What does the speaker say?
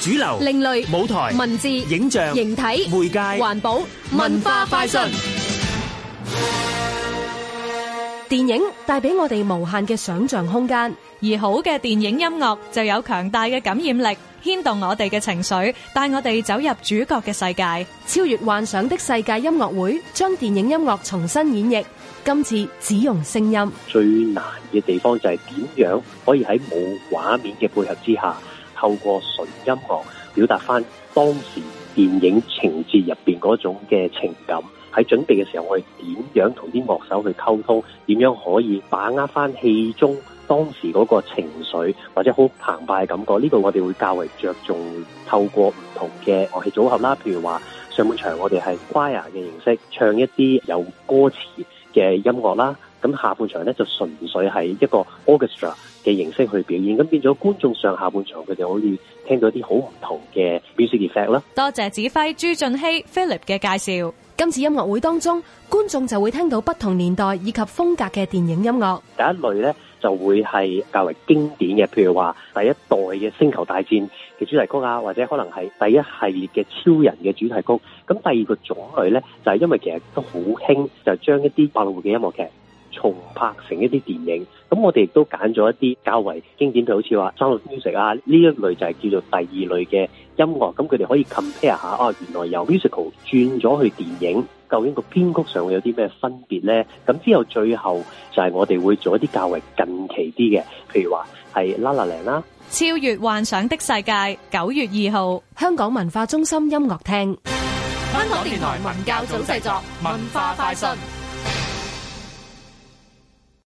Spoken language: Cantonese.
主流、另類、舞台、文字、影像、形體、媒介、環保、文化快訊。電影帶俾我哋無限嘅想象空間，而好嘅電影音樂就有強大嘅感染力，牽動我哋嘅情緒，帶我哋走入主角嘅世界，超越幻想的世界音樂會將電影音樂重新演繹，今次只用聲音。最難嘅地方就係點樣可以喺冇畫面嘅配合之下。透過純音樂表達翻當時電影情節入邊嗰種嘅情感，喺準備嘅時候我哋點樣同啲樂手去溝通，點樣可以把握翻戲中當時嗰個情緒或者好澎湃嘅感覺？呢個我哋會較為着重透過唔同嘅樂器組合啦，譬如話上半場我哋係 choir 嘅形式唱一啲有歌詞嘅音樂啦。咁下半場咧就純粹係一個 orchestra 嘅形式去表演，咁變咗觀眾上下半場佢哋可以聽到啲好唔同嘅 music effect 啦。多謝指揮朱俊希 Philip 嘅介紹。今次音樂會當中，觀眾就會聽到不同年代以及風格嘅電影音樂。第一類咧就會係較為經典嘅，譬如話第一代嘅《星球大戰》嘅主題曲啊，或者可能係第一系列嘅超人嘅主題曲。咁第二個種類咧就係、是、因為其實都好興，就將一啲百老匯嘅音樂劇。重拍成一啲電影，咁我哋亦都揀咗一啲較為經典，譬如好似話 Soul Music 啊，呢一類就係叫做第二類嘅音樂，咁佢哋可以 compare 下啊，原來由 musical 轉咗去電影，究竟個編曲上會有啲咩分別咧？咁之後最後就係我哋會做一啲較為近期啲嘅，譬如話係 La La Land 啦。超越幻想的世界，九月二號香港文化中心音樂廳，香港電台文教組製作文化快訊。